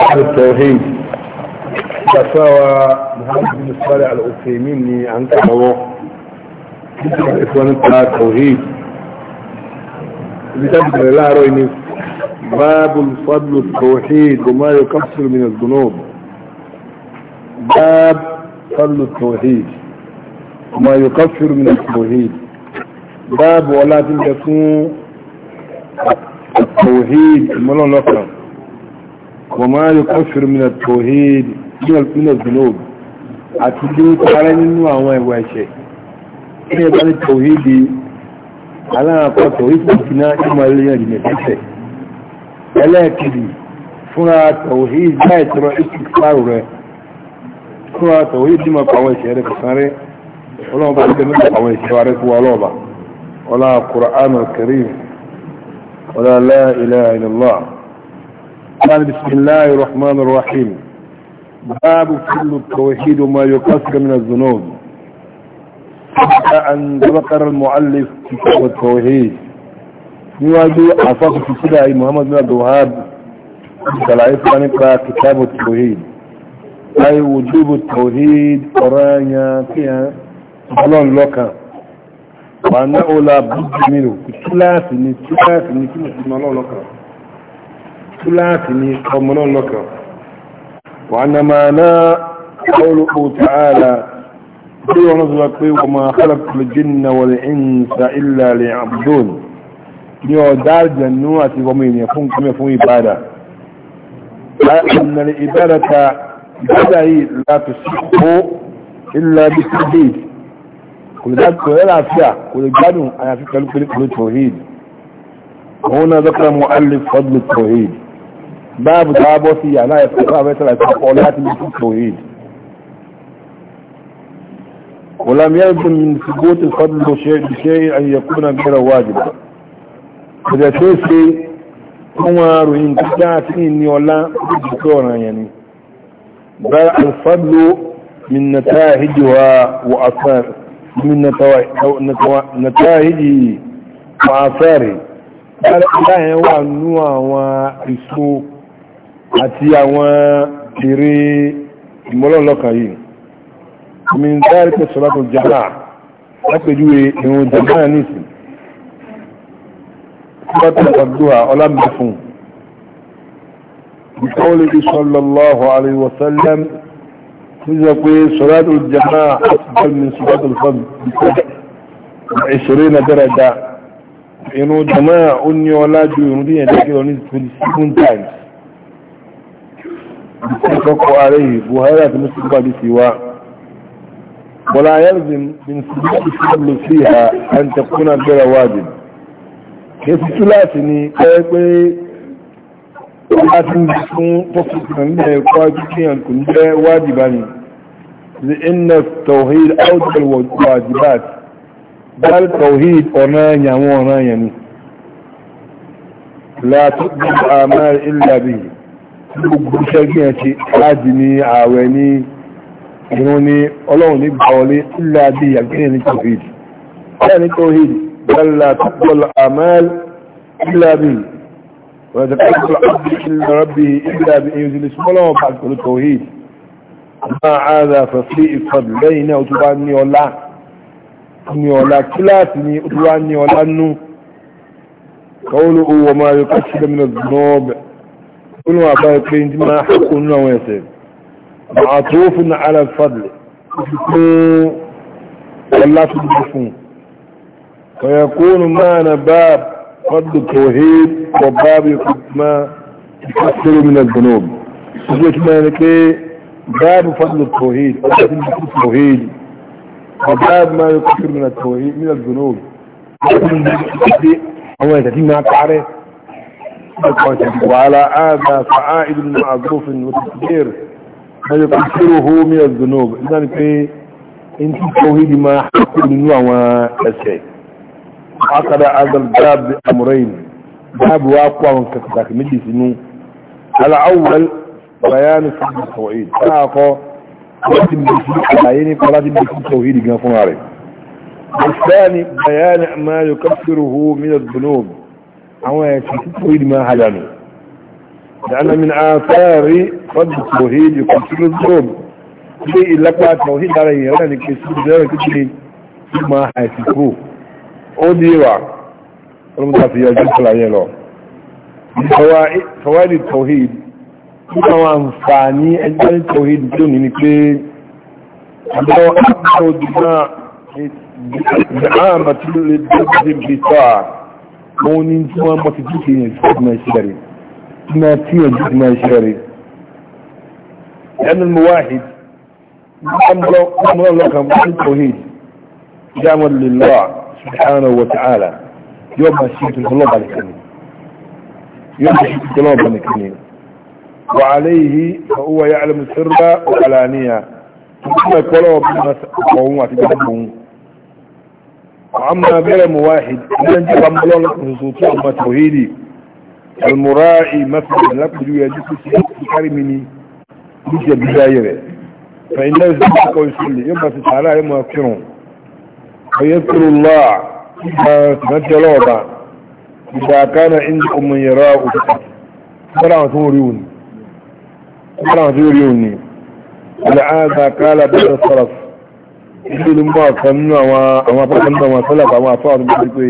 أهل التوحيد فسوى محمد بن صالح العثيمين عن كهوه الإخوان انتهى التوحيد بتبدأ لا إن باب الفضل التوحيد وما يكفر من الذنوب باب فضل التوحيد وما يكفر من التوحيد باب ولا تنجسون التوحيد ملون أكرم وما يكفر من التوحيد من الذنوب أتدين تعالى منه أما يواشي إيه بان التوحيد على أقوى توحيد مكنا إما اللي يجب نفسه ولكن فنا التوحيد لا يتبع استكفاره فنا التوحيد ما قوي شيء فساره ولا بعد ما قوي شيء وعرف ولا ولا القرآن الكريم ولا لا إله إلا الله قال بسم الله الرحمن الرحيم باب كل التوحيد ما يقصر من الذنوب أن ذكر المؤلف كتاب التوحيد نواجه أصاف في محمد بن عبد الوهاب سلعيف ونقرأ كتاب التوحيد أي وجوب التوحيد قرانيا فيها سبحان لوكا وأنه لا بد منه كتلاف من نتلاف من نتلاف ثلاثني قمنا لك وأنما لا قوله تعالى قل ونزلك وما خلقت الجن والإنس إلا ليعبدون يو دار جنوة ومين يكون كم يكون إبادة لأن الإبادة بدأي لا تصح إلا بالتوحيد كل ذلك كل العافية كل جانو أنا في كل كل التوحيد هنا ذكر مؤلف فضل التوحيد báàbù tó bọ́ sí yàrá ẹ̀fẹ́ láàrẹ́tẹ̀lá ìpapọ̀ láti bí i tòhìd olàmìyàrùn ìsìgbótì fọ́dúnlò ṣe àyẹ̀kúnà bẹ̀rẹ̀ wájìbá ìjẹ̀ tó ṣe fúnwà ròyìn kíkà sí ní ọlá ìjìkọ́ ọ̀ràn yẹn ni bẹ̀rẹ̀ alfadlo minnataahiji wa asar minnataahiji wa asari bẹ̀rẹ̀ aláyẹn wà nú àti àwọn èrè ìmọ́lọ́lọ́kàn yìí omi ń dárí pẹ̀ sọ́lá tó jàmá lápẹjúwe ìrùn jàmá nìsí sípàtà àgbàdúrà ọlámbà fún ìkọ́lé sallallahu alaihi wasallam tí ó pé sọ́lá tó jàmá àtìbọ́n ní sọ́lá tó fọ́n ìṣeré na dáradá ìrùn jàmá ó ní ọlá ju ìrùn díyànjẹ́ kí lọ ní 27 متفق عليه وهذا في مستقبع بسواء ولا يلزم من سبيل الشمل فيها أن تكون غير واجب كيف ثلاثني كيف láti ń fún fọ́fíìsàn ní ẹ̀kọ́ ajíkíyàn kò ní jẹ́ wájìbá ni the inner tawhid outdoor wajibat dal tawhid ọ̀nà yàwọn ọ̀nà yàní látọ́gbọ̀n àmà ìlàbí gbogbo iṣẹ́ gbé ẹ̀ ṣe láti ní ààwẹ̀ ní ìrún ní ọlọ́run ní gbàwọlé ńlá bí àgbẹ̀yẹ̀ ní covid bẹ́ẹ̀ ní covid bẹ́ẹ̀lá tọ́pọ̀lọ̀ àmẹ́l ńlá bí wọ́n ti pẹ́ẹ́pọ̀ àbí ńlá bí ńlá bí èyí ní sọ́lọ́wọ́ bá كل ما بايك بين ما حق انه ويسير معطوف على الفضل ولا ويكون معنا باب فضل التوحيد وباب يقدم ما يكثر من الذنوب سجلت مالك إيه؟ باب فضل التوحيد التوحيد وباب ما يكثر من التوحيد من الذنوب هو يتتم معك عارف وعلى هذا فعائد معروف وتكبير ما يكفره من الذنوب إذن في انت التوحيد ما حكم من نوع الشيء عقد هذا الباب بأمرين باب واقوى من كفتاك مجي سنو الأول بيان فضل التوحيد فلاقو لازم بسيط عيني فلازم بسيط توحيد كان فنعرف الثاني بيان ما يكفره من الذنوب àwọn ẹ̀sìn tí tòhídì máa hàlà nù dáná mi náà sáàrí fọ́dù tòhídì kò sí lóòm ilé ìlápá tòhídì ara èèyàn náà ní pé sí ìdára kékeré tí máa àìsìn kúrò ó di wà ọlọ́mọdé àti ọjọ́ ìṣẹ̀lẹ̀ yẹn lọ fọwádìí tòhídì nípa àwọn àǹfààní ẹgbẹ́ tòhídì tó ní ni pé àbọ̀ àbọ̀ òdùnmá ìdáàmà tí ó lè dé wọ́n ní tí wọ́n mọ́ ti dúkì yẹn tí máa ṣe rẹ̀ tí máa tí yẹn dúkì máa ṣe rẹ̀ ẹnu muwahid mọ́mọ́ lọ́kàn fún tawhid jámọ́ lèlọ́ subhanahu wa ta'ala yóò máa ṣe tún ọlọ́ba nìkan ni yóò máa ṣe tún ọlọ́ba nìkan ni wa alayhi fa huwa ya'lamu sirra wa alaniya tún mẹ́kọ́ lọ́wọ́ bí wọ́n àti gbogbo وعما بلم مواحد من جب عم الله لكم سلطان توهيدي المرائي مثلا لك جو يجب تكرمني بجي بجايرة فإن الله يزدك ويصلي يما ستعالى يما يكرون ويذكر الله إذا تنجلوا بعض إذا كان عندكم من يراه فلا توريوني فلا توريوني ولعاذا قال بعض الصلف ìdílé ló ń bọ́ ọ̀kan nínú àwọn apákan nínú àwọn asọ́làbà àwọn afọ́ àwọn gbogbo pé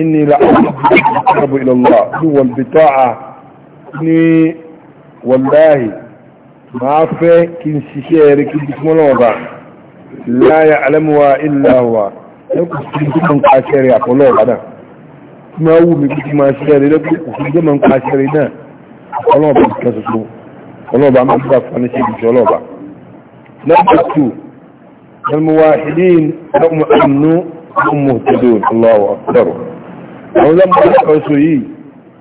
inni la ọ̀rọ̀ ìlọ́lọ́ ní wọ́n bí tọ́ à ní wọ́láhì máa fẹ́ kí n ṣiṣẹ́ rẹ̀ kí n bí súnmọ́ náà sí ní ní ṣe ìjọ ọlọ́ọ̀bà lẹ́kùn المواحدين هم أمنوا هم مهتدون الله أكبر ولما أسوي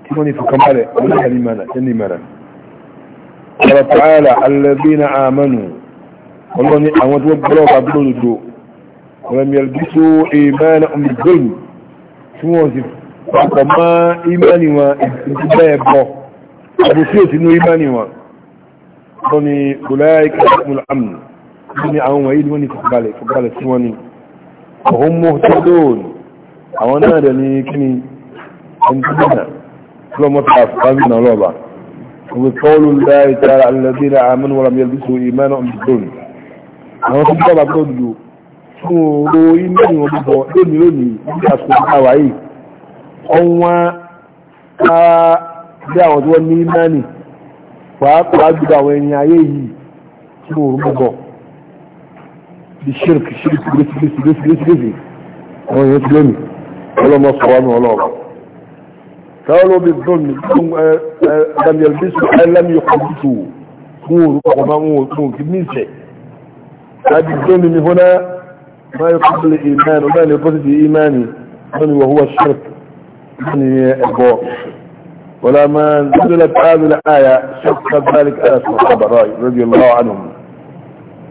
كماني فكمالي ولها لمانا جني مانا قال تعالى الذين آمنوا والله أمد وقلوا قبلوا الجو ولم يلبسوا ام الظلم بالظلم سموه فما إيماني وإنتباه يبقى أبو سيوت إنه إيماني وإنتباه أولئك هم الأمن ní àwọn wọ̀nyí wọ́n ni fọ̀gbàlẹ̀ fọ̀gbàlẹ̀ sí wọ́n ni ọ̀hún mú tọ́dún àwọn náà dẹ̀ ní kíni ẹnjúmọ̀nà lọ́mọ́ta fàmì náà lọ́ba wọ́n tọ́lù láì tààrà alẹ́dínà àmínú wọ́n yẹ lùsù ìmẹ́nà ọ̀dùn àwọn tó gbọ́dọ̀ tó dùdù fún oró ìmẹ́rin wọn bọ̀ lónìí lónìí ní àsìkò àwà yìí ọwọ́n ká bí àwọn tí wọ́n ní ìmẹ́rin pàápàá jùlọ àwọn ẹni ayé yìí tí mo rú bọ̀ بالشرك الشرك بس بس بس بس بس هو يسلم ولا مصران ولا عمر قالوا بالظلم لم آه، آه، يلبسوا آه، لم يقدسوا مور ومامور مور كميسة هذا الظلم من هنا ما يقبل الإيمان وما يقبل الإيمان وهو الشرك يعني البوع ولما نزلت هذه الآية شك ذلك آسف والصحابة رضي الله عنهم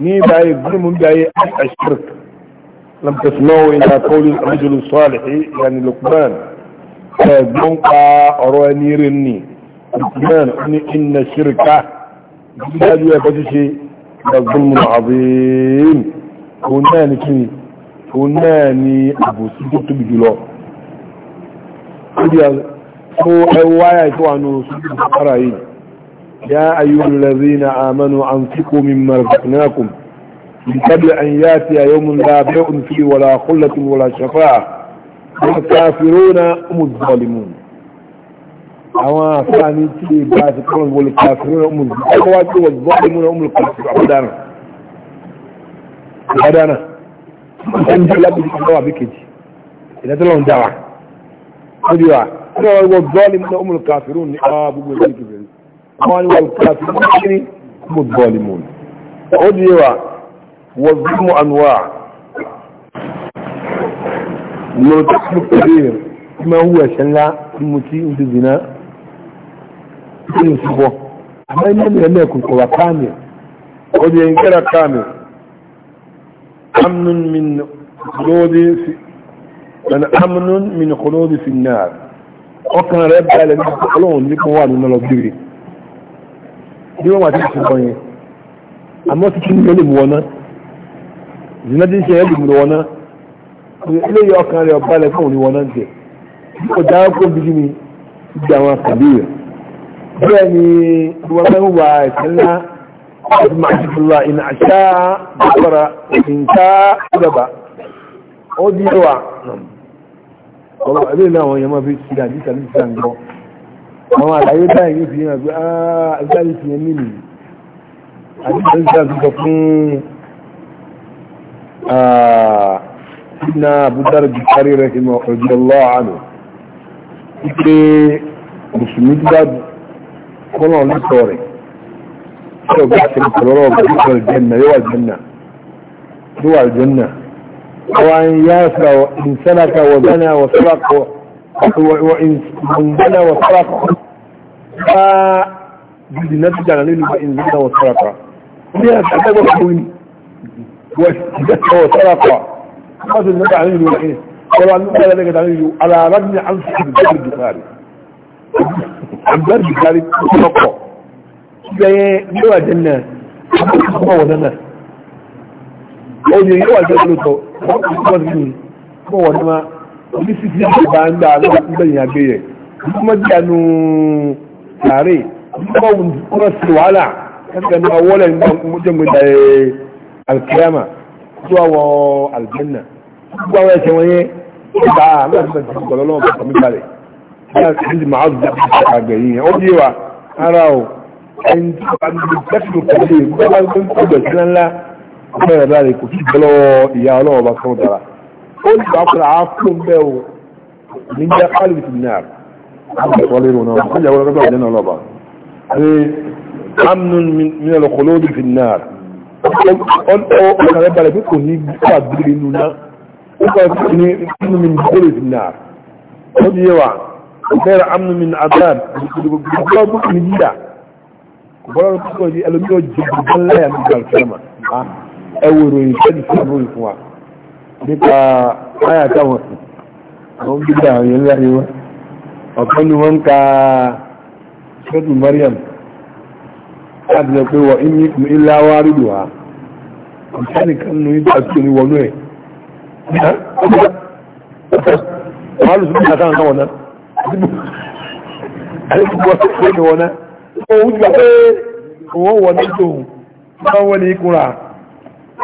ni baye gurmun baye ashirk lam tasma'u ila qawli rajul salih yani luqman gbon eh, pa ọ̀rọ̀ ẹni rin ni luqman ni inna shirka gbadu ya ko ti da gurmun azim ko na ni kini ko na ni abusi to tóbi jùlọ ko anu su fara يا أيها الذين آمنوا أنفقوا مما رزقناكم من قبل أن يأتي يوم لا بيع فيه ولا خلة ولا شفاعة والكافرون هم الظالمون أما ثاني شيء بعد كون والكافرون هم الظالمون والظالمون هم الكافرون أبدانا أبدانا أنت لا بتسمع بكذي إذا تلون دعوة أديوا والظالمون هم الكافرون آه قال والكافرين هم الظالمون أدعوا والظلم أنواع والكفر الكبير ما هو شلع المتيء في الزنا يصبه ما ينبغي أن يكون قوة كامل أدعوا إنكار كامل أمن من خلود في من أمن من خلود في النار وكان ربع لنفسه قلون لكم وانو نلو بجري bí wọ́n wà tí ìsìn kan yẹn àmọ́ tí kí ní ó lè mú wọn náà ìdíná tí ń ṣe ẹ́ lè mú wọn náà eléyìí ọkàn rẹ̀ ọba rẹ̀ fún òní wọn náà jẹ kò dá kó bí kí ni ibi àwọn àkàbí rẹ̀ bẹ́ẹ̀ ni wọn fẹ́ wà ẹ̀sìn ńlá àti máa ti fi ìnà àṣà bàbára ìǹkà ìjọba ó di wà ọ̀rọ̀ ẹ̀lẹ́yìn náà yẹn máa fi ṣe àdìsàlẹ̀ ìṣàǹgbọ́n àwọn àlàyé báyìí yóò fi hàn pé àà ah, ìgbàlẹ̀ ti yẹn nìyí àti ìgbàlẹ̀ ti sọ fún àà àbúdàrà ju kárí rẹ̀ ìmọ̀ ọjọ́ lọ́ọ̀ánù wípé mùsùlùmí gbá kọ́nà lọ́tọ̀ rẹ̀ tí ọgbà àti ìkọlọ́rọ̀ ọgbà tí ìkọlọ́ jẹ́nà yóò wà jẹ́nà yóò wà jẹ́nà wọ́n yá sọ̀rọ̀ ìsẹ́nàkà wọ̀ وإن بنى وسرق فبالنسبة لليل وإن بنى وسرق ليه أتعتقد وحوين وإنسبة وسرق قد النبع عليه وإن طبعا نبع لك عليه على رجل عن سحب الجفاري عبد الجفاري وسرق زي نوى جنة هو ودنا قولي نوى جنة هو ودنا ní sí ti ìjọba ń gbà lọ́wọ́ tó gbẹ̀yìn àgbẹ̀ yẹ ọmọ díà nù sàárè ọmọ sí wàhálà ẹgbẹ́ ní ọwọ́ lẹ́yìn jẹ́gbẹ́ dẹ̀ alkiyama tó wà wọ aljanna gbogbo àwọn ẹ̀ṣẹ̀ wọn yẹn gbà á láti bẹ̀rẹ̀ tó gbọ́dọ̀ lọ́wọ́ bàtà mi balẹ̀ láti ti máa dùn àgbẹ̀ yìí ó yé wa ara o ẹni tí a ti lẹ́sìn lò pẹ̀lú ìgbà bá ń gbẹ̀sán ńlá ọmọ ìrẹ̀lẹ̀ kò sí ìgbọ́lọ́wọ́ ìyá ọlọ́wọ́ bá sọ́wọ́ dára ó ní bàkúrà á fún bẹ́ẹ̀ o ní jẹ́ alif náà wọ́n lè rún náà wọ́n jẹ́ wọ́n lọ́gbà ìjẹ́ náà lọ́ba ní amnun min al-khulud fi an-nar ó kàrẹ́ balẹ̀ pé kò ní gbà bírí nù náà ó kàrẹ́ pé kò ní amnun min al-khulud fi an-nar ó di yé wa bẹ́ẹ̀rẹ̀ amnun min adab gbọ́dọ̀ gbọ́dọ̀ ní yíyà gbọ́dọ̀ gbọ́dọ̀ ẹlòmíràn jẹ́ gbọ́dọ̀ láyà nígbà fẹ́ràn ẹwọ́ ìròyìn fẹ́ẹ́ nípa ayà táwọn àwọn bídá àwọn yẹn láyé wá ọ̀kan ni wọ́n ń ka ṣẹ́tù Maryam láti lọ pé wọ inú ikú ilá wá rúdù wá ọ̀kan nìkan nù ìgbà tí ó ní wọnú ẹ̀ wọ́n lù sí àtàwọn náà wọ̀ná àdébùkọ́ sí wọ́n wọ̀ná òun jù pé òun wọ̀ná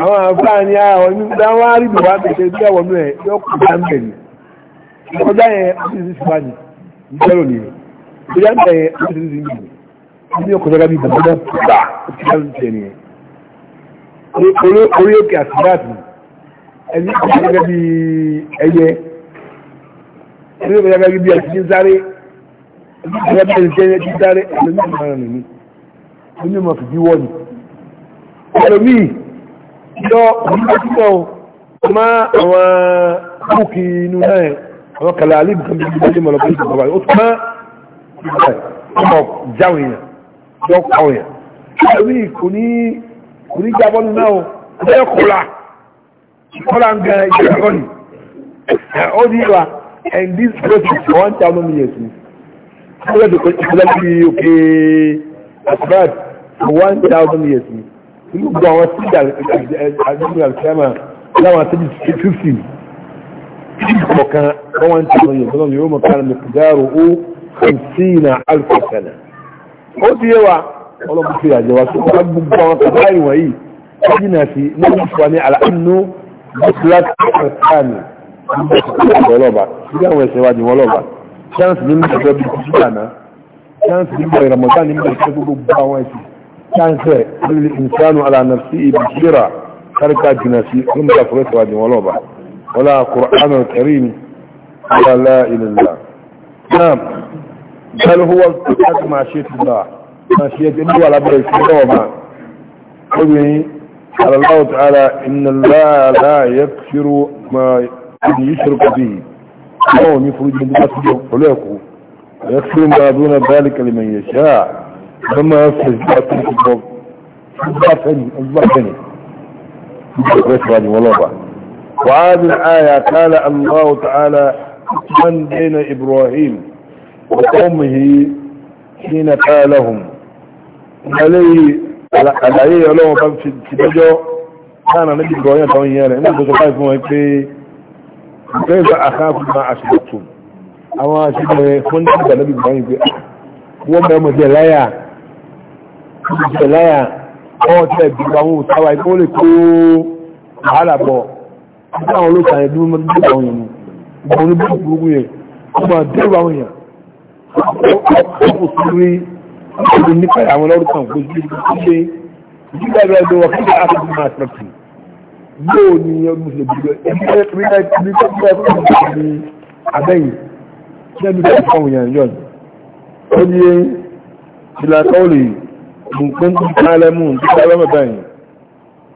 àwọn àfáà ní àwọn ìdáwọ́ àrídù wá bẹ̀ṣẹ̀ tí àwọn ọmọ ẹ̀ yóò kù dá ń bẹ̀ ní ọjá yẹn àfíìsì sí wá ní ìjọ́rò ní ọjá ń bẹ̀ yẹn àfíìsì sí ní ní ọkọ̀ jọba bí bàbá bá ti dá ń tẹ̀ nìyẹn orí òkè àsìbáàtì ẹni ọjọ́ gẹ́gẹ́ bí ẹyẹ ẹni ọjọ́ gẹ́gẹ́ bí ẹtì sáré ẹni ọjọ́ gẹ́gẹ́ bí ẹtì sáré ẹni ọjọ́ gẹ́gẹ́ bí ẹtì sáré ẹni ọjọ́ gẹ́gẹ́ bí ẹtì sáré ẹni ọjọ́ gẹ́gẹ́ bí ẹtì sáré ẹni ọjọ́ gẹ́gẹ́ bí ẹtì sáré ẹni ọjọ́ gẹ́gẹ́ bí ẹtì sáré ẹni ọjọ́ gẹ́gẹ́ bí ẹtì sáré ẹni ọjọ́ gẹ́gẹ́ bí ẹtì sáré ẹni ọjọ́ gẹ́gẹ́ bí ẹtì sáré yọ ìgbàsíkọ̀ Ma, àwọn búùkì inú náà àwọn kàlà alẹ́ ibùkún bíi ìgbàlẹ́ mọ̀lọ́ pé ìgbàlẹ́ bàbá ó tún máa ìgbà ọmọ jáwé yẹn yọ kàwé yẹn ṣàwí kò ní kò ní jábọ́ nínú náà and this process for one thousand years ni ó yẹ kó ìgbàlẹ́ bíi òkè asbad for one thousand years inú gbọ́ àwọn sí àdúgbò àkẹ́mà láwọn àtẹ́jú sí fífì kọ̀ọ̀kan wọ́n wá ń tẹ̀lé yẹn tọ́lọ́ yóò mọ̀ kára mẹ́kùdárò ó kàmsínà alfàkànà ó ti yé wa ọlọ́mọ fi àjẹ wa sí wọ́n gbogbo àwọn tàbí àìwọ̀n yìí wọ́n jìnà sí ní wọ́n fún wa ní àlàánú bíkúláàtì àkànì ọlọ́ba sí àwọn ẹ̀sẹ̀ wa jùmọ̀ ọlọ́ba chance ní mẹ́tẹ̀ẹ́ bí kùsùlànà chance ní mọ̀ ìrànmọ̀tà ní mẹ́tẹ̀ẹ́ gbogbo àwọn ẹ̀sìn كان سي هل الإنسان على نفسه بشرة خلق جناسي هم تفرس واجه ولوبة ولا قرآن الكريم ولا لا إله الله نعم بل هو التحق مع شيء الله ما شيء الله ولا بريك وما قال الله تعالى إن الله لا يكفر ما يشرك به وهو يخرج من دماغه وليكو يكفر ما دون ذلك لمن يشاء لما يفحز بأتني في الضوء أصبحتني أصبحتني والله بعد وعاد الآية قال الله تعالى من بين إبراهيم وقومه حين قالهم علي عليه علوم باب سيدجو كان نبي إبراهيم طويانا يعني. إنه بسرعي فهو يقول كيف أخاف ما أشبتهم أما أشبه فنجد نبي إبراهيم وما مجلايا ìjẹ̀láyà ọwọ́ tẹ́ ìgbìgbà wọn òtàwà ikú lè kó wàhálà bọ̀ àwọn olóòtà ẹ̀dú mọ́tàdé àwọn èèyàn ìgbà wọn bó burúkú yẹn ọmọ dẹ́rù àwọn èèyàn ọkọ̀ sírí ọkọ̀ nípa àwọn lọ́rùkàn kò sí ṣe ìjìgbà ìgbà ìgbà wà kíkà áfíríkì máa tẹ̀kì yóò ní ọdún ṣe gbogbo ẹgbẹ́ rí ẹgbẹ́ ní abẹ́yìn ṣẹ́ni fẹ́ fọ́ọ̀mù yẹn yọ̀ ní ó ní ìlànà ó lè yìí إن كنتم تعلمون تعلم بين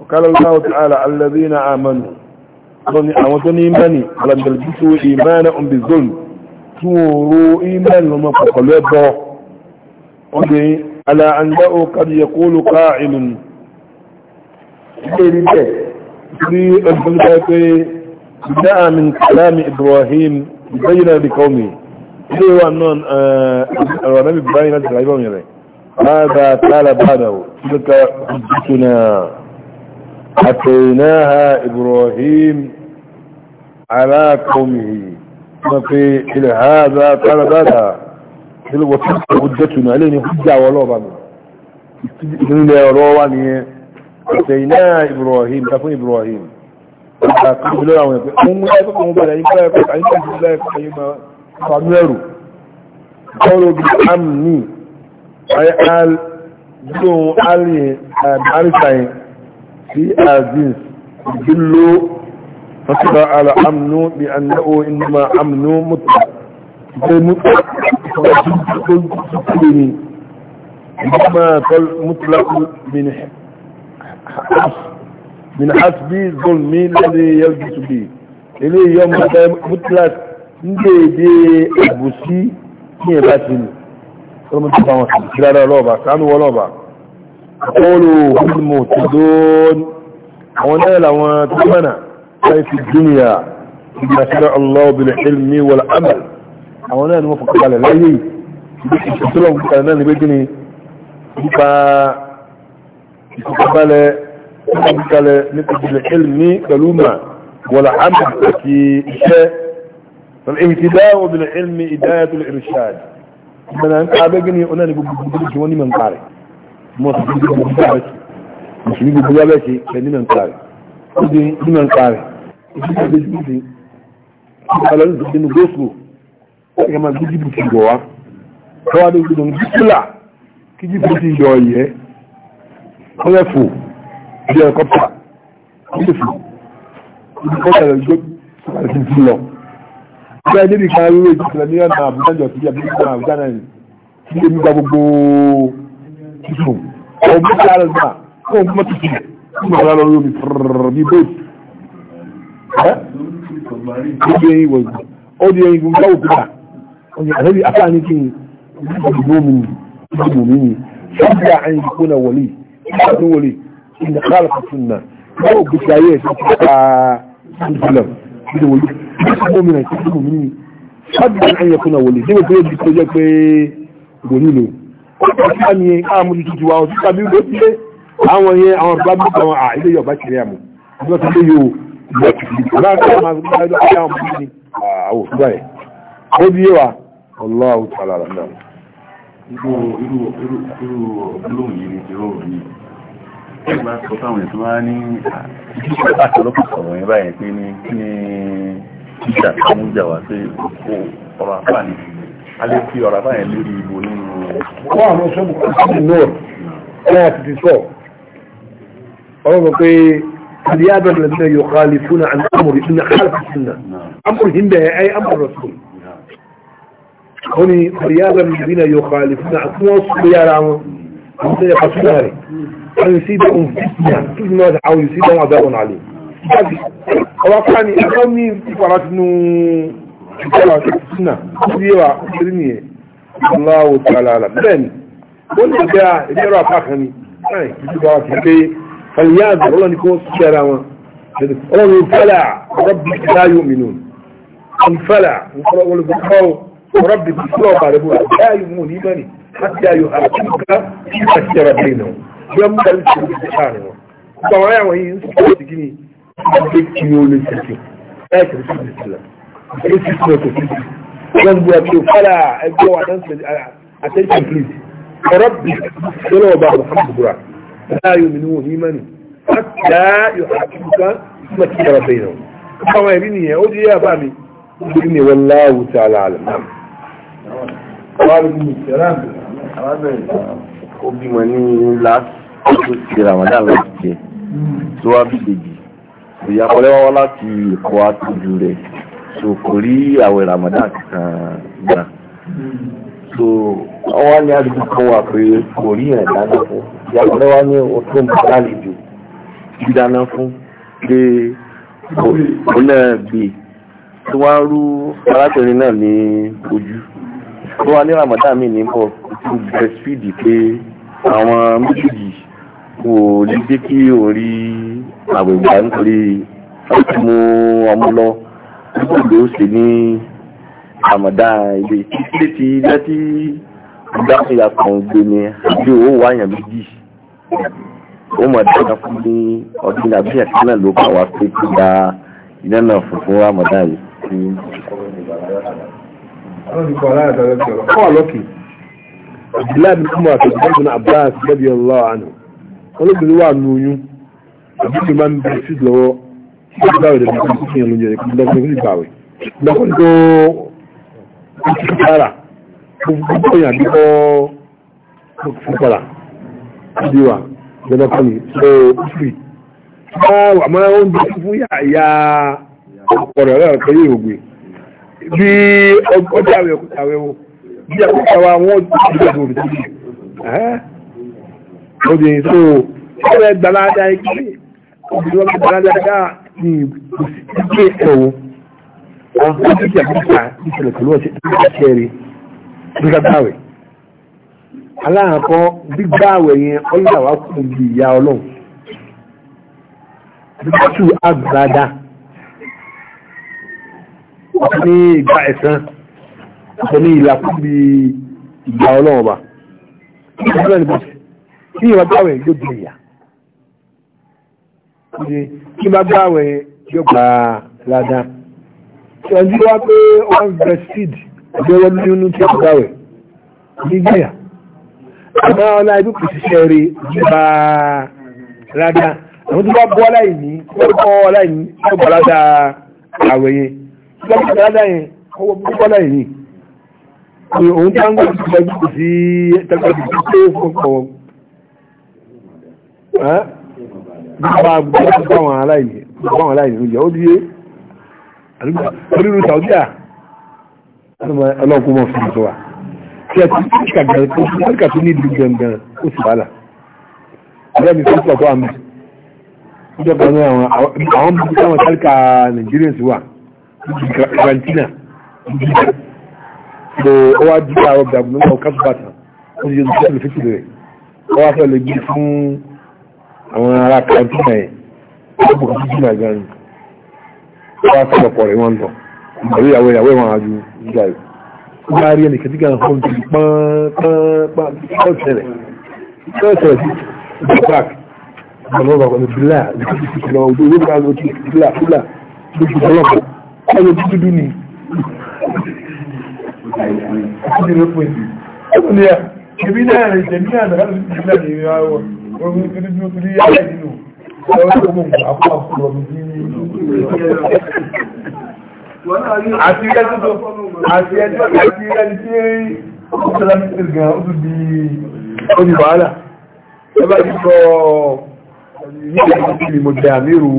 وقال الله تعالى الذين آمنوا أمتني مني ولم يلبسوا إيمانهم بالظلم توروا إيمانهم فقلبوا وبي على أنه قد يقول قائل بدأ من كلام إبراهيم بين لقومه إليه وأنه النبي بين لقومه هذا قال بعده تلك حجتنا أتيناها إبراهيم على قومه في هذا قال بعدها تلك وتلك حجتنا لأن حجة ولو بعدها إلى رواني أتيناها إبراهيم تكون إبراهيم أقول لهم أم لا يفقهم بلا إن لا يفقهم لا يفقهم قالوا بالأمن ay al dun ali maritain eh, fi aziz dillo fasara ala amnu bi annahu inma amnu mutlaq zai mutlaq ne inma tal mutlaq min من حسب ظلم الذي يلبس به إليه يوم مطلق ندي دي أبوسي كي باتني قولوا الله المهتدون ونال وتمنى في الدنيا بما شرع الله بالحلم والعمل ونال موفق على لي يشتلهم كانان بجني يبقى يتقبل يتقبل نتج الحلم كلمة والعمل كي شيء mana ka be gini ona ni gugu gugu ki woni man kare mo su gugu gugu ba ci mo su gugu gugu ba ci ke ni man kare ni ni man kare ni be ni ni ala ni ni gosu ke ma gugu gugu ki go wa ko wa de gugu gugu la ki ji gugu yo ye ko ya fu bi ko pa ni fu ko ta le gugu ala ti lo bẹ́ẹ̀ níbi kan ríro ìjọsìlẹ̀ ní ọ̀nà àbújá jọ sí àbújá àbújá náà ní ilé mi gba gbogbo títún ọ̀hún bí sáà lọ́sà ọ̀hún bí mọ́tò tìlẹ̀ tí mo rà lọ́rọ́ mi fúrrrr bí bóòtù ẹ́ ó di ẹyin wọ̀nyí ó di ẹyin gbogbo káwọ̀ kúta ọ̀yìn àtẹ́bí afá ní kí n gbogbo mi ní gbogbo mi ní sábà ẹyin kó na wọlé sábà tó wọlé ìnà kálọ̀ fún náà báwo gbèsè ayé ẹ̀ sí ti ká sílẹ̀ gómìnà ìtìsí gómìnà ni ṣáàbì ẹ̀yẹ fún àwọn olè débò bóyá tó jẹ́ pé gòní lò ó tó ti wá nìyẹn káà mú tuntun wa ọ̀tún tàbí ó ti lé àwọn yẹn àwọn bá bí àwọn à ilé yọ̀bá kiri àmọ́ ìjọba tó lé yóò Allahu ta'ala lana. Irú irú irú irú olóhùn yìí ni ìrọ̀rùn yìí. Ó gbà sọ fáwọn ètò wá ní ìdíjọba àti ọlọ́pàá sọ̀rọ̀ yẹn báyìí pé ní kí ni títà tó ń jà wá sí kó ọ̀rọ̀ àpá ni a lè fi ọ̀rọ̀ àpá yẹn lórí ibo nínú. wọ́n àwọn sọ́mù kọ́sí náà ọlọ́run àti ti sọ ọlọ́run sọ pé àdí àbẹ̀rẹ̀ lẹ́sẹ̀ yóò kálí fún àwọn amòrì ìnà kálí fún náà amòrì ń bẹ̀ ẹ́ amòrì rọ̀sùn. ó wọn wọ́n yóò sí ibẹ̀ sí ibẹ̀ òun àbẹ̀rẹ̀ òun ọba fani ẹ̀kọ́ ní ìpàrà tinú ìpàrà sínà sí ẹwà ìṣẹ́rí nìyẹn aláwọ̀ tààlà bẹ́ẹ̀ni ó ní ìgbà ìdẹ́rọ àpákan ni láì títí bá wà pé fàníyàzì ọlọ́ni kí wọ́n sí ara wọn ọlọ́ni fẹ́lá rọ́bì láyò mìíràn ọ̀n fẹ́lá olùkọ́ rọ́bì sílọ̀ bàrẹ̀ bó láyò mú ní mẹ́rin láti ayò àtúnkà sí àti ẹ̀rọ bẹ́ẹ̀ náà bí wọ́n ọdún kí ni ó lè tẹ̀sí láìpẹ́ sí ìṣẹ̀lẹ̀ ẹgbẹ́ sí ìṣẹ̀lẹ̀ tó fi wọ́n gbé ọtí fọ́lá ẹgbẹ́ wa attention please ọ̀rọ̀ bí sọ́lọ́ ọba muhammad bura láàyò mi ni wọ́n ní mẹ́nu àtà yóò àkíkà ìsúnmọ̀ kí yàrá bẹ́yìn náà àwọn ẹ̀rí nìyẹn ó di yá bá mi nítorí ni wọ́n láwù tí a láàlẹ̀ náà. wọ́n á rí mi sẹ́ràn arábìnrin ó bímọ ní last ọdún ti ramadan láti jẹ tó wá bí bèjì ìyàpọ̀lẹ́ wá láti ẹ̀kọ́ àtújù rẹ̀ so kò rí àwẹ̀ Ramadan kankan gbà so ọwọ́ ní àdúgbò kan wà pé kò rí ẹ̀ dáná fún ìyàpọ̀lẹ́ wá ní ọtún lálejò dídáná fún pé kò náà gbé tó wá rú arákùnrin náà ní ojú tó wá ní Ramadan mi ní bọ̀ tó breastfeed pé àwọn méjèèjì kò lè jẹ́ kí òun rí àgbègbè nítorí mú ọmọ lọ gbogbo ó sì ní àmọ̀dá ilé títí ti ilé tí ìdáfẹ́yà kan gbé ni àbí owó wà yàn méjì ó mọ̀ dáadáa fún ní ọdún àbí ẹ̀sìn náà ló bá wa pé kí da iná náà fún fún àmọ̀dá yìí. Kọ́ lọ́kì. Abdullahi bin Umar àti Abdullahi bin Abbas radiyallahu wà nù àbí mi máa ń bẹ sí lọ́wọ́ kí báwo lè máa kí èèyàn lóúnjẹ kí lọ́wọ́ kí báwo lọ́wọ́ ní tó ó ti kára gbogbo èèyàn àbí kọ́ fún padà bí wà lọ́wọ́ kọ́ mi so ó fi báwo àmọ́ oúnjẹ fún yàyà ọ̀rọ̀ rẹ̀ kọ́ yóò gbé bí ọjọ́ àwẹ̀wò bí àkókò àwọn àwọn ọjọ́ àwẹ̀wò tó ti ẹ́ ó di so ọ̀rẹ́ gbalada ẹgbẹ́ obìnrin wọn bá dáadáa ní ìgbé ẹ̀wọ̀ àwọn tó ti àgbékà ìṣẹ̀lẹ̀ pẹ̀lú ọ̀sẹ̀ tó ti ṣe rí nígbà báwẹ̀ aláàkọ́ gbígbà àwẹ̀ yẹn ọlọ́wà kù bí ìyá ọlọ́run nígbà tó àgbàdá ní ìgbà ẹ̀sán àti ní ìlà kù bí ìyá ọlọ́run ọba ní ìwà báwẹ̀ yóò di ìyá ṣe kí bá gbàwẹ̀ yóò gbà ládàá ṣọ́jú wá pé wọ́n breastfeed ọ̀gbẹ́wọ́ nínú tí ó gbàwẹ̀ nígbàyà àmọ́ ọlá ibi kò ṣiṣẹ́ rí gbà ládàá àwọn tó bá bọ́ láìní tó bọ́ láìní tó bọ́ ládàá àwẹ̀ yẹn tó bá bọ́ ládàá yẹn ó bọ́ láìní òun tí a ń gbà tó bá gbà sí tẹ́lifíṣẹ́ tó fọ́kọ̀ọ́ bá gbogbo àwọn aláìní àwọn aláìní oúnjẹ ó díye onírú saudi à ọlọ́kùn mọ̀ fún ìṣọ́wà tí a ti ní kàgbẹ̀rẹ̀ tó ní áfíríkà tó ní ìlú gangan ó sì wà láà ọ̀rẹ́ mi fún ìpàtọ́ àmì ìjọ kan náà àwọn bí káwọn tálíkà Nigerians wà Argentina ló wá dí àwọn gbàgbọ́n náà kásùbàtà ó sì yẹ kí wọ́n fi sílẹ̀ wọ́n wá fẹ́ lè gbé fún àwọn ará kàńtínà ẹ̀ ọ̀pọ̀ kàńtínà gan ni wọ́n á sọ̀rọ̀ pọ̀ rẹ̀ wọ́n lọ ìgbàlú ìyàwó ìyàwó ìwọ̀n àjò ìjà rẹ̀ ó bá rí ẹnìkan tí gan hàn jù pọ́npọ́npọ́n ṣẹlẹ̀ ṣẹlẹ̀ sí ìgbàgbà ọ̀nà ọ̀gbà ọ̀nà bílà ìgbàlọ́ ojú owó kan ló ti bílà bílà ló ti dọ́lọ́pọ̀ ọ̀nà dúdú ni ẹ̀kú ni omi kiri bí ó kiri yá ẹ̀ nínú ọ̀rọ̀ tó mọ̀ àpò àpò ọ̀rọ̀ bí i àti ẹjọ́ àti ẹjọ́ àti ẹni tí ó tẹ́lá ní tẹ́lá gan ó tún di omi wàhálà ẹ bá ti sọ ní ẹ̀yìn tí mo dà mí rò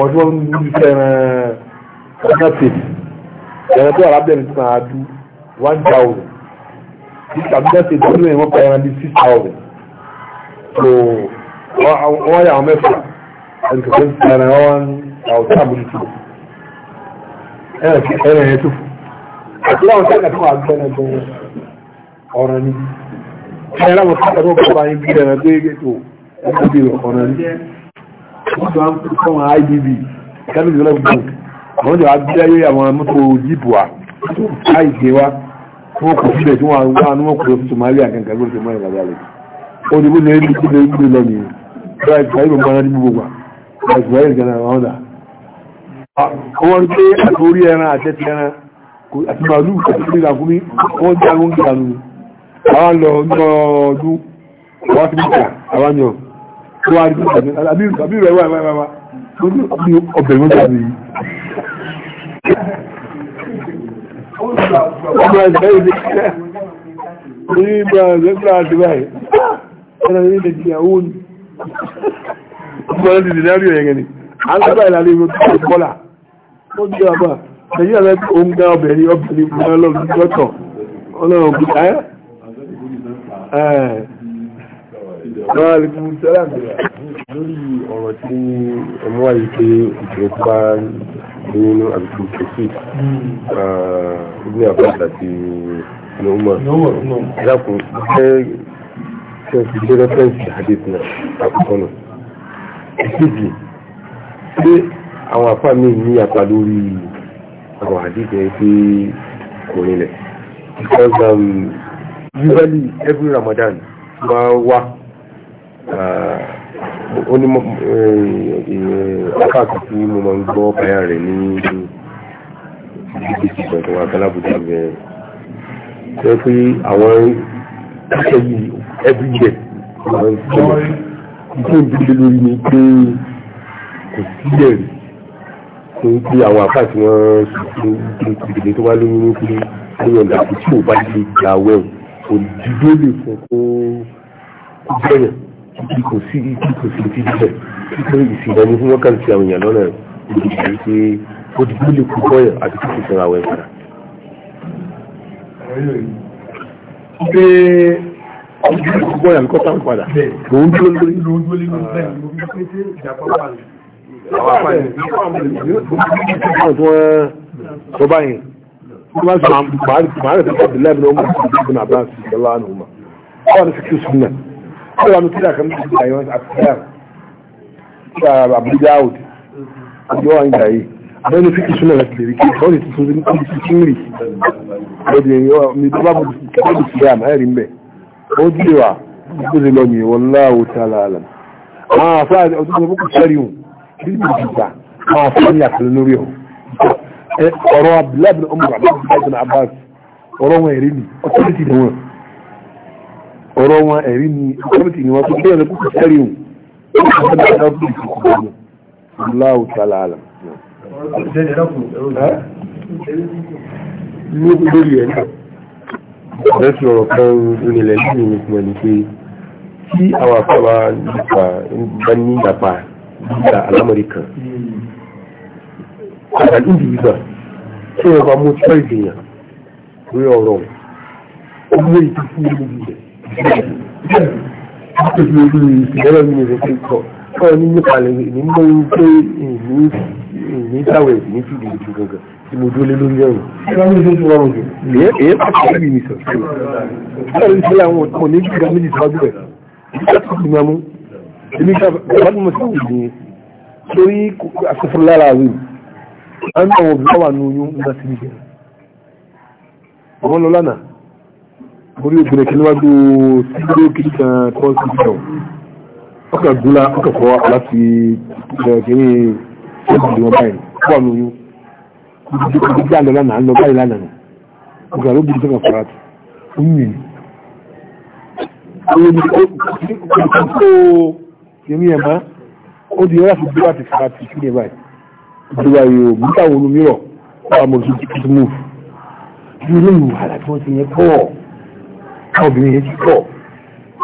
ọ̀rọ̀ tí wọ́n ń bí fẹ́ràn ọ̀nà tèmi ẹ̀rọ tó arábìnrin tó máa dú one thousand ìṣàbíjọ́ ṣe ìdánilẹ́yìn wọ́n pẹ̀lú ẹran bíi six thousand so mẹ́fà ẹnìkọ̀ọ́sí ara wọn àwọn táàbùlù tó ẹ̀rẹ̀ ẹ̀ tó àti láwọn tẹ́lẹ̀ tó wà ọ̀rọ̀ ni ẹ̀rẹ̀ àwọn tẹ́lẹ̀ tó bọ̀ bá yín bí ẹ̀rẹ̀ ọ̀rọ̀ ni wọ́n tó ń kọ́ wọn mọ́tò tó tí wọ́n ní onígbó ní ẹni kí ní ẹni lọ nìyẹn bẹ́ẹ̀ ìgbàlẹ́ ìgbà máa ní gbogbo wa ìgbàlẹ́ ìgbà náà wọ́n dà. wọ́n gbé àtòrí ẹran àtẹ́tì ẹran àti màálù àti ìgbà fún mi wọ́n jẹ́ àwọn ìgbà nù. àwọn lọ lọ ọdún wọ́n ti mọ̀ta àwọn yàn tó wà ní ìgbà àbí rẹ̀ wà wà wà tó ní ọbẹ̀ wọn jà mí. ọmọ ìgbà yìí ní ìgbà àti báyìí ẹ̀rọ ilé lè di àwọn òní ọmọ ẹ̀rọ ti dìlárí ẹ̀yẹn ni a ń sábà ìlànà ìwé tó ti kọ́là ó di àbá ẹ̀yìn àbẹ́ òun gá ọbẹ̀ ní ọbẹ̀ ní ìfúnná lọ́dún lọ́tọ̀ ọlọ́run kù ẹ́ lórí ọ̀rọ̀ tí ẹmú wáyé pé ìjọ bá nínú àbíkú kẹfì hmm. uh, ní àbájá àti nọ́ọ̀mà ìdákùn jẹ́ ṣe ti gbé rẹ́fẹ́ǹsì hadith náà àkọ́kọ́ náà ìkejì pé àwọn apá mi ní apá lórí àwọn hadith yẹn pé kò rinlẹ̀ because um, usually every Ramadan máa wá onímọ̀ uh, eh, eh, akáàkì tí mo máa ń gbọ́ báyà rẹ̀ ní ìgbésí ìgbọ̀n tó wà kálábùdá rẹ̀ ṣe pé àwọn ìṣẹ́ every year ọ̀rọ̀ ìṣẹ̀lẹ̀ ìṣẹ̀lẹ̀ ìdílé lórí ni pé kò sílẹ̀ rí fún pé àwọn àpá tí wọ́n ṣe fún ìdílé tó wá lóyún ní pé ayọ̀ ìgbà tí kò bá lè gbà wẹ̀ kò dídó lè fún kó bẹ̀rẹ̀ kí kò sí kí kò sí ti bẹ̀ kí kò ìsìnkà ní fún wọn kàn sí àwọn èèyàn lọ́nà ìdílé pé kò dídó lè fún bọ́yọ̀ àti kò sí fún àwọn ẹ̀ka pé ọgbọ́n yàrá kọ́ta ń padà òun dúró lórí. òun dúró lórí bẹ́ẹ̀ ni mo fi pé ṣé ìjàpá wà ní. àwọn afáyẹ tó bá yẹn tó bá sọ màá rẹ̀ tó bá bìlẹ̀ ní ọmọ ìgbà ìgbà àbá sí ìjọba àná ọmọ. ọwọ́ ni fífi sùn náà ọwọ́ wa ni kí làkà mi ti gbà yẹn àti ṣáà ṣá àbújá àwòdì àbújá wà ń gbà yìí àbẹ́ ni fífi sùn náà láti lè rí kí ọ̀rẹ́ tuntun ní kí n rí. ọ̀rẹ́ mi tó bá bọ̀ kí n rí sí ó dìwà ó sì lọ́mì wallahu alam àwọn àfáà ọdún tó kù sẹ́rí hùn bí i ìjìgbà àwọn àfáà ní àtàlẹ́ lórí ọ̀ ọ̀rọ̀ abdullahi bin abdullahi abbas ọ̀rọ̀ wọn ẹ̀rí ni ọ̀tọ́rìtì ni wọn ọ̀rọ̀ wọn ẹ̀rí ni ọ̀tọ́rìtì ni wọn tó hùn alam ọ̀rẹ́ fi ọ̀rọ̀ kan rinlẹ̀ yìí ní ìpínlẹ̀ ní pé tí àwọn àfọwà nípa bá ní ìyapa nípa alámọ̀rí kan àgbà individual tí wọ́n bá mú choice èèyàn lórí ọ̀rọ̀ owó ìtú fún ìlú ní ìṣẹ̀lẹ̀ ní sáwẹ̀ ní fìdí ìjú gangan tí mo dúró lé lórí ẹ̀rùn. èyí pàtàkì ìrìn ìsọ̀ sí i. láàrin ìṣẹ́lẹ̀ àwọn ọmọ ní gíga méjì sáájú rẹ̀ nígbà tó fi mamú èmi ká bàbá mi sí òwò ní lórí àsọfún lára àwìn a ń àwọn òbí wà ní oyún ń bá sí ibi jẹrẹ. àwọn lọ lánàá orí obìnrin kìíní wá gbó sígbó kìíní kan tó ń sí ìjọ ọkọ̀ gbúlá ọkọ̀ kọ́ aláfi kìíní ẹ̀bùn wọn báyìí pọ̀ lóyún ìdíjà lọ lánàá lọ báyìí lánàá ọgbà ló bìí sọ́kà fara tó ń yìn ó ní kókó yẹmí ẹ̀má ó di ọ́rà fi dúwà ti fara ti sílẹ̀ báyìí ìdúwà yóò mú káwọn olùmírọ̀ wà mọ̀ sí ti kìtìmù ní ilé ìwà àti wọ́n ti yẹ pọ̀ káwọn obìnrin yẹn ti pọ̀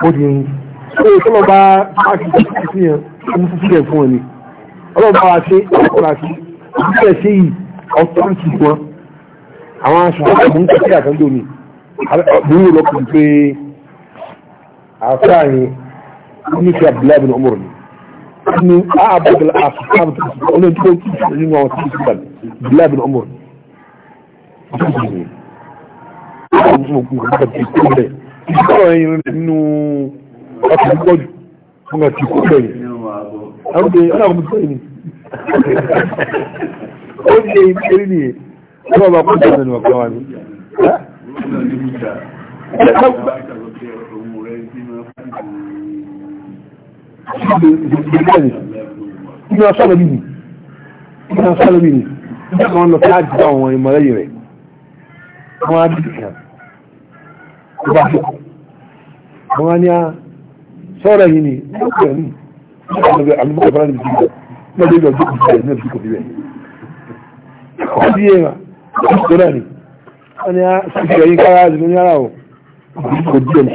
ó ti ń sọ́yìn sọ́lọ́ bá bá ti ti ti yẹn ó ń fúfú ọlọ́ọ̀bá wa ṣe ọkùnrin àti ìbílẹ̀ ṣe yìí ọ̀tọ́rìtì wọn àwọn aṣùgbọ́n ọ̀bùn kẹ́kẹ́ àtọ́jọ́ ni ọ̀bùn lọ́kùnrin pé àfáàyè oníṣẹ́ abdullahi bin umar ni ni a abdul asukam tó ti ọ̀nà tó ti sọ nínú àwọn tí ìsúgbà abdullahi bin umar ni ọkùnrin kọ́ ti kọ́ bẹ̀ nínú ọkùnrin kọ́ ti kọ́ bẹ̀ yìí àwọn ọdẹ ọdẹ àwọn ọmọdé ni ó ní èyí kéré ni ọba ọba kó jẹ́ ọ̀nà ọ̀pọ̀ wa ni. Ibi ọ̀sán lóbi ni, ibi ọ̀sán lóbi ni, ibi àwọn lọ sí àjùbá àwọn ìmọ̀lẹ́yìn rẹ̀, àwọn àdìsíkà, ọba àdìsíkà, àwọn àníyá sọ́ọ̀rọ̀ yìí ni, ó pẹ̀lú àlùbọ́kọ̀ fara níbi jíjẹ náà lórí ọjọ́ ìjìyà náà fi kò fi bẹ̀. ó di yẹn wà tó náà ni wọ́n ní sísè ẹ̀yìn kára àdìmọ́ ní ara o kò di ẹ̀ ṣe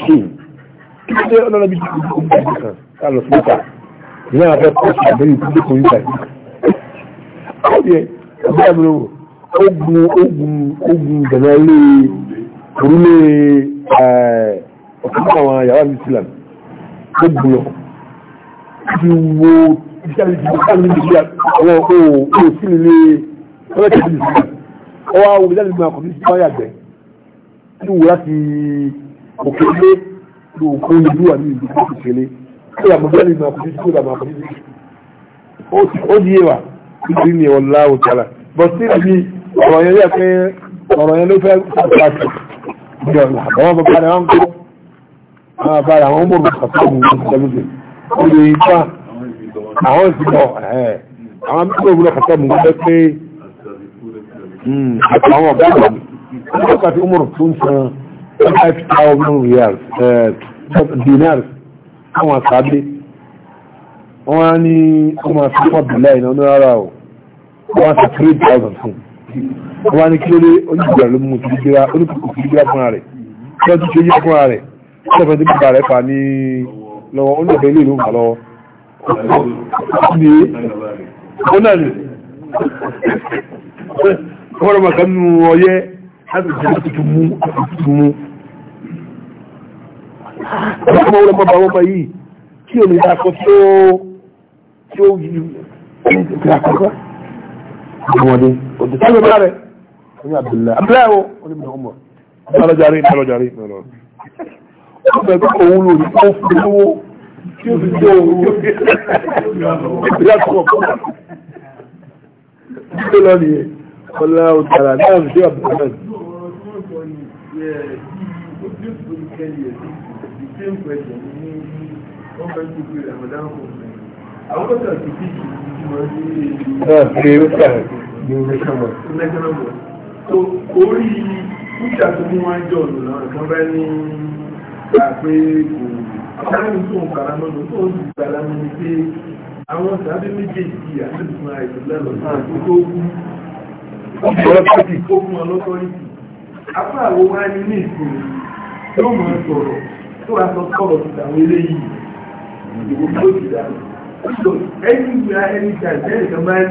kí ló dé ọlọ́run bí jíjẹ kò bí kan ká lọ fún ìta ìyá àwọn afẹ́ kọ́ sí àbẹ́rẹ́ ìtúndé kò yípa yìí. ó di yẹn ọ̀bí àbúrò ogun ogun ogun gànà ilé orílẹ̀ ọ̀kan àwọn yàrá mi sílẹ̀ ó gbúlọ̀ ti wo ìṣẹ́lẹ̀ òkun ìlú àmì ìlú tó kèlé ó yà mọ̀gbẹ́lì máa kò títí kódà máa kò títí ó di yé wa títí ọ̀la òtàlà bọ̀ sí ìlú ọ̀rọ̀ yẹn yẹ ọ̀rọ̀ yẹn ló fẹ́ pàtàkì ìjọba àwọn bàbá rẹ̀ wọ́n kó àwọn bàbá rẹ̀ àwọn ọmọ òrùka fún òun ìjọba olè ìfà àwọn ìfìlọ̀ ẹ̀ àwọn mẹ́tọ́ ìwúlọ̀ kàtẹ́ mú gbẹ́ pé hmm, àti àwọn ọ̀gá àgbà mi nígbà tí umar tún san five thousand riyals eh, dinars àwọn àkàdé wọ́n á ní ọmọ àfihàn bìlá ìná ní ara ọ̀ wọ́n á sì three thousand fún wọ́n á ní kí lóde onígbà ló mú ti gbéra oníkùkù ti gbéra fúnra rẹ̀ kí wọ́n ti ṣe yí fúnra rẹ̀ kí wọ́n ti gbéra rẹ̀ fà ní lọ́wọ́ ó lọ́dọ̀ ilé ìlú wà lọ́wọ́ ní ọ́nàlì ọmọdé màkà nù ọyẹ́ láti jẹ́ tuntun mú tuntun mú ọmọ wọn bàbá wọn bá yìí kí omi ta kọ tí ó tí ó yí ìpìlẹ̀ àkọ́kọ́ ọmọdé òdìtàgbẹ̀ bá rẹ̀ ní àbìlẹ̀ àbìlẹ̀ ẹ̀wọ̀ onímọ̀ ọmọ ọmọ ọlọ́jàrí ọlọ́jàrí ọlọ́jàrí ọgbẹ̀gbẹ̀ òun lò ní kó fún lówó tí ó fi jẹ́ òun yàtọ̀ tó lọ nìyẹn ọlá òtàrà náà sí àbúrò Àwọn ọ̀sán ti fi ìjìmọ̀ ní ilé ìlú. Orí ìjàtúmú wájọ́ ọ̀nà kan bá ní àpé kò láàrin tó ń fara mọ́nà tó ń gbàlá mọ́ pé àwọn sàbí méjèèjì àtẹ̀sùn àìsàn lẹ́nu náà tó kú ọlọ́pàá kó yìí apá àwọn wá ní ní ìsinmi yóò sọ̀rọ̀ tó wàá sọ sí àwọn eléyìí ìdìbò tó ti dà ẹni ẹni jà jẹ́ máa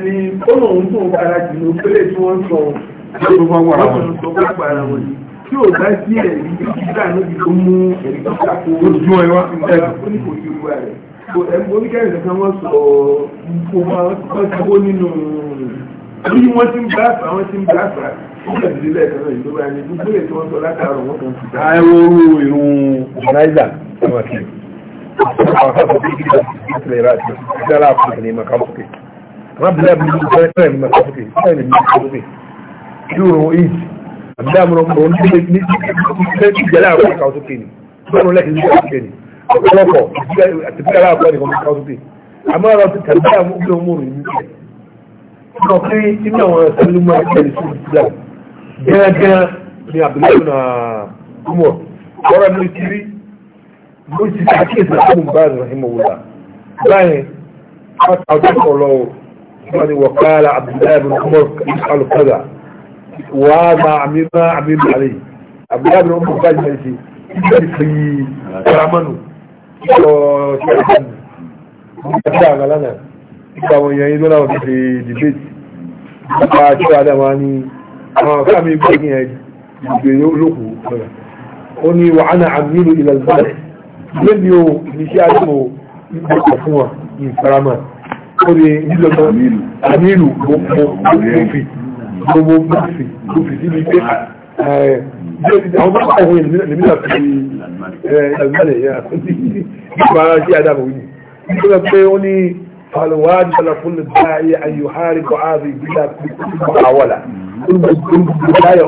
ní tí ò bá sí ẹ̀rí nígbà níbi tó mú ẹ̀rí tó kàkó ojú ẹ̀ wá ẹ̀rí ní kò sí olúwa rẹ̀ oníkẹ́rin nìkan wọ́n sọ wọ́n ti kó nínú bí wọ́n ti ń bá àfà wọ́n ti ń bá àfà wọ́n kàn sí lẹ́ẹ̀kan náà ìjọba ẹni gbogbo èyí tí wọ́n sọ látàárọ̀ wọ́n kàn sí. àìwò irun jìnnáìzà àwọn kì í àwọn akẹ́kọ̀ọ́ bí kíkà ìtìlẹ̀ ìrà àti ìdára àfọ̀tẹ̀ ní makamuke wọ́n bí lẹ́ẹ̀bù ní ìfẹ́ ní makamuke ìfẹ́ ní makamuke yóò rún èyí àbúdá àmúrò mọ̀ ní ṣe ti jẹ́ láàárọ̀ ìka ọ̀tún kéènì lọ́nà lẹ́kìn ní ọ̀tún kéènì ọ̀pọ̀lọpọ̀ àti bí aláàbọ̀ nìkan ìka ọ̀tún kéènì àmọ́ ọ̀rọ̀ ti tàbí àmúgbé ọmọ rẹ̀ ní ṣe sọ pé inú àwọn ẹ̀sẹ̀lú mọ́ ẹ̀kẹ́lì sí ìdílà gẹ́gẹ́ ni àbúlé ní ìṣírí ló ti wọ́n ta ọjọ́ kọ̀ wọ́n ni wọ̀kálà àbúlé náà kúmọ̀ ìṣàlùkọ́dà wa ma amina amin alai abdullahi bin umar ba ya ce ita da sai karamanu ko shaitan ka ta galana ita wani yayi dole wa kace debate ba ci da wani amma ka mi ba ni yayi da loku ó ní wa ana amilu ila al-bal yadda yau ni shi a ko in ba kuma karamanu ó ní ilo amilu amilu ko ko fi gbogbo mọ́fì tó fi sí wípé àwọn bá kọ̀ ohun ìlú nílò fi ìlànàmọ́lẹ̀ yà nípa sí adáàbò yìí nígbà pé ó ní falwájú aláfúnlẹ̀ báyé ayòhárí kọ ààrẹ ìgbìlá pípọ̀ àwọ̀là olùgbòkúrò báyé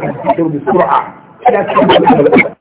ọjọ́ ọ̀rọ̀